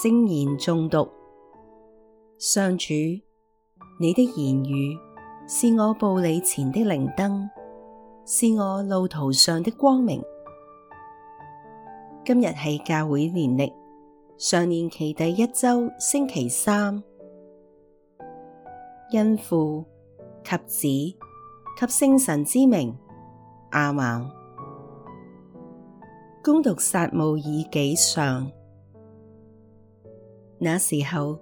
聖言誦讀，上主，你的言語是我步履前的靈燈，是我路途上的光明。今日係教會年曆常年期第一周星期三，因父及子及聖神之名，亞孟，恭讀撒慕爾紀上。那時候，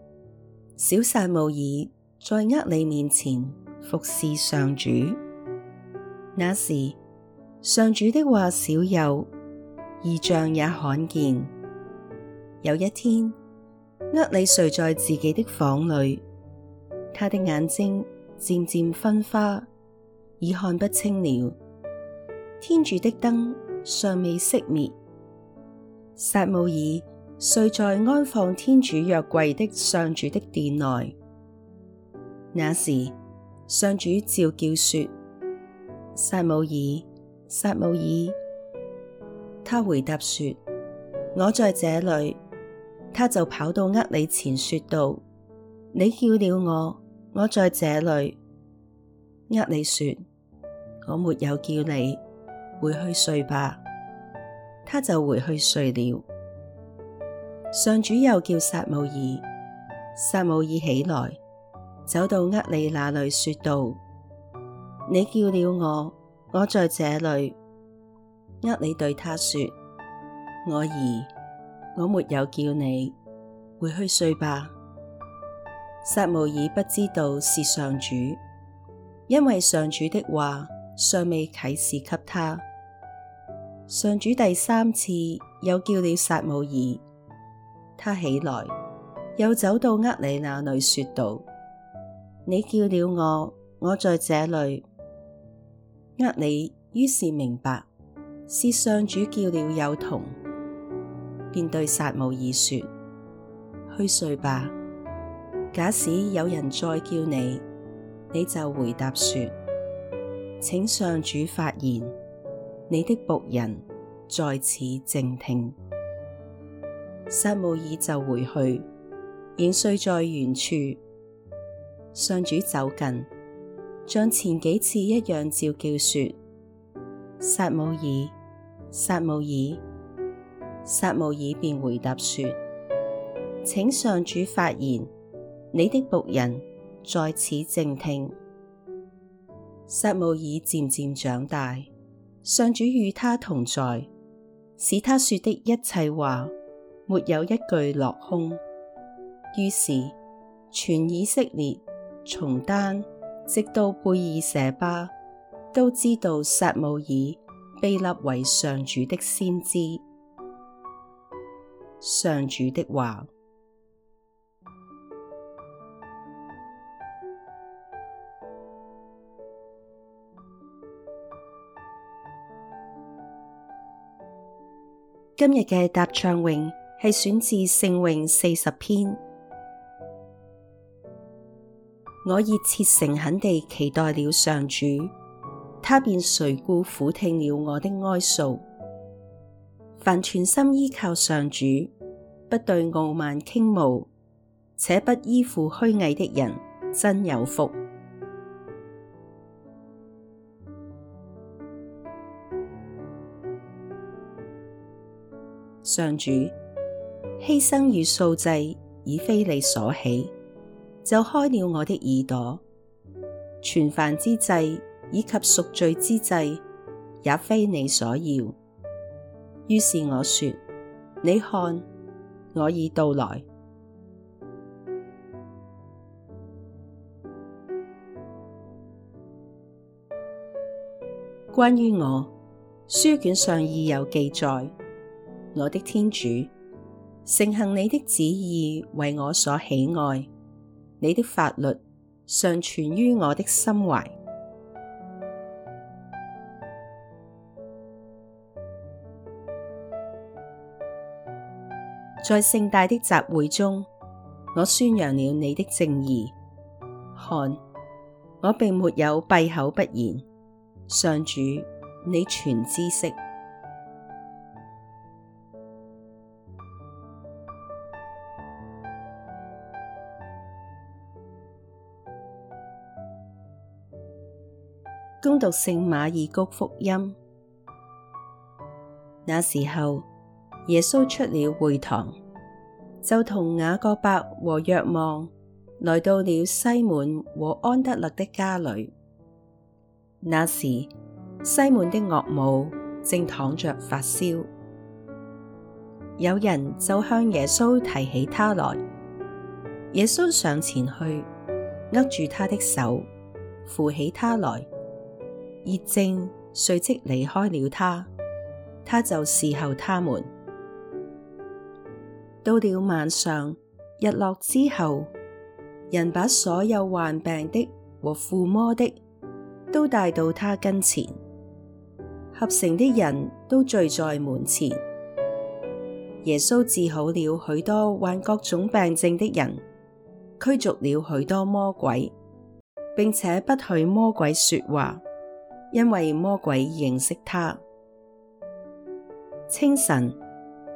小撒慕爾在厄里面前服侍上主。那時，上主的話少有，異象也罕見。有一天，厄里睡在自己的房裏，他的眼睛漸漸昏花，已看不清了。天主的燈尚未熄滅，撒慕爾。睡在安放天主約櫃的上主的殿內。那時，上主召叫說：撒慕爾，撒慕爾。他回答說：我在這裏。他就跑到厄里前說道：你叫了我，我在這裏。厄里說：我沒有叫你，回去睡吧。他就回去睡了。上主又叫撒慕爾，撒慕爾起來，走到厄里那裏，說道：你叫了我，我在這裏。厄里對他說：我兒，我沒有叫你，回去睡吧。撒慕爾不知道是上主，因為上主的話尚未啟示給他。上主第三次又叫了撒慕爾。他起來，又走到厄里那裏，說道：你叫了我，我在這裏。厄里於是明白，是上主叫了幼童，便對撒慕爾說：去睡吧。假使有人再叫你，你就回答說：請上主發言，你的僕人在此靜聽。撒慕爾就回去，仍睡在原處。上主走近，像前幾次一樣，召叫說：撒慕爾，撒慕爾，撒慕爾。便回答說：請上主發言，你的僕人在此靜聽。撒慕爾漸漸長大，上主與他同在，使他說的一切話。沒有一句落空。於是，全以色列從丹直到貝爾舍巴，都知道撒慕爾被立為上主的先知。上主的話：今日嘅答唱詠，係選自《聖詠》四十篇，我熱切誠懇地期待了上主，他便垂顧俯聽了我的哀訴。凡全心依靠上主，不對傲慢傾慕，且不依附虛偽的人，真有福。上主。犧牲與素祭已非你所喜，就開了我的耳朵，全燔之祭以及贖罪之祭也非你所要。於是我說：你看，我已到來。關於我，書卷上已有記載，我的天主。承行你的旨意為我所喜愛，你的法律常存於我的心懷。在盛大的集會中，我宣揚了你的正義。看，我並沒有閉口不言。上主，你全知悉。恭讀聖馬爾谷福音。那時候，耶穌出了會堂，就同雅各伯和若望來到了西滿和安德肋的家裏。那時，西滿的岳母正躺着發燒，有人就向耶穌提起她來。耶穌上前去，握住她的手，扶起她來。熱症隨即離開了他，他就侍候他們。到了晚上，日落之後，人把所有患病的和附魔的都帶到他跟前，閤城的人都聚在門前。耶穌治好了許多患各種病症的人，驅逐了許多魔鬼，並且不許魔鬼說話。因為魔鬼認識他。清晨，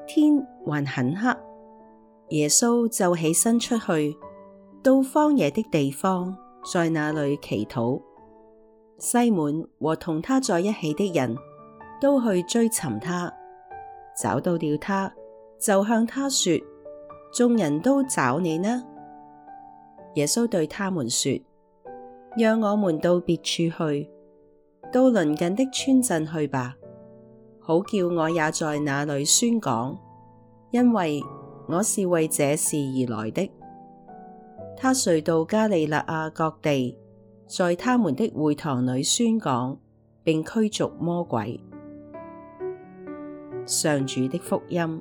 天還很黑，耶穌就起身出去，到荒野的地方，在那裏祈禱。西滿和同他在一起的人都去追尋他，找到了他，就向他說：眾人都找你呢。耶穌對他們說：讓我們到別處去。到鄰近的村鎮去吧，好叫我也在那裏宣講，因為我是為這事而來的。他遂到加里肋亞各地，在他們的會堂裏宣講，並驅逐魔鬼。上主的福音。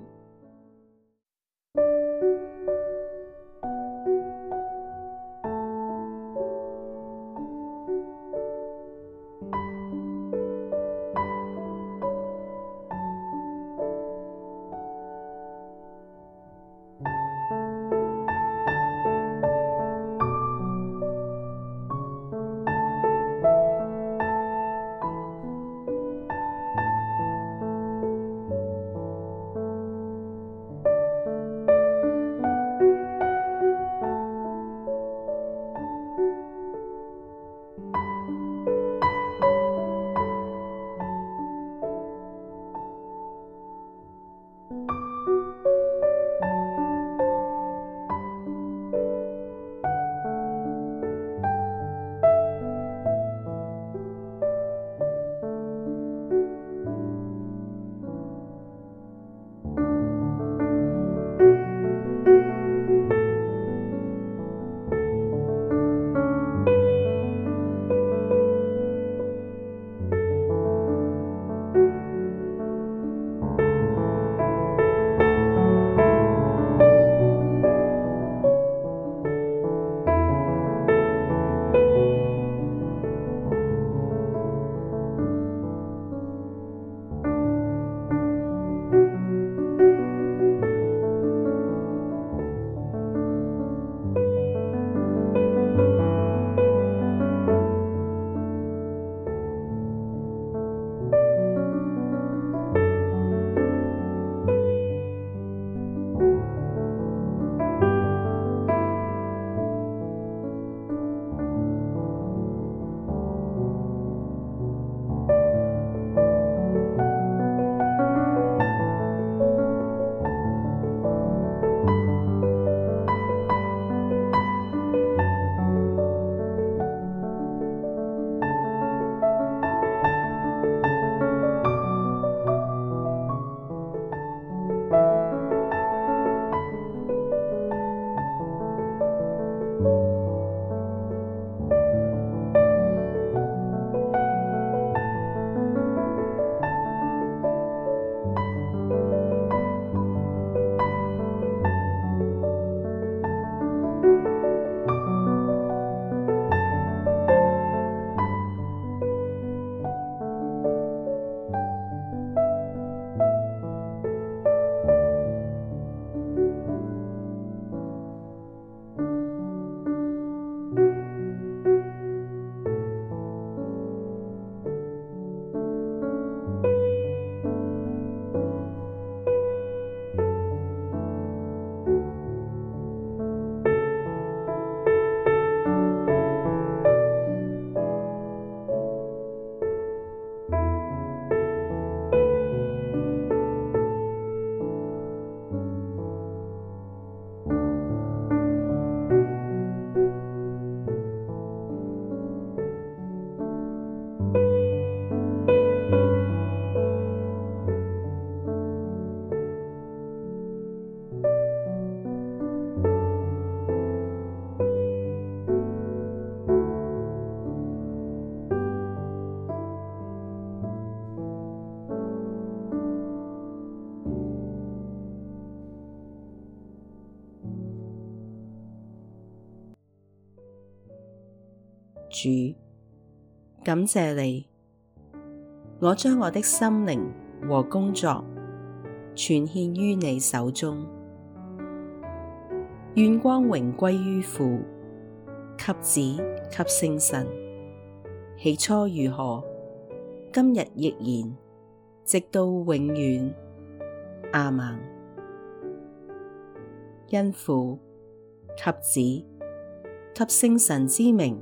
主，感謝你，我將我的心靈和工作全獻於你手中，願光榮歸於父、及子、及聖神。起初如何，今日亦然，直到永遠。阿們。因父、及子、及聖神之名。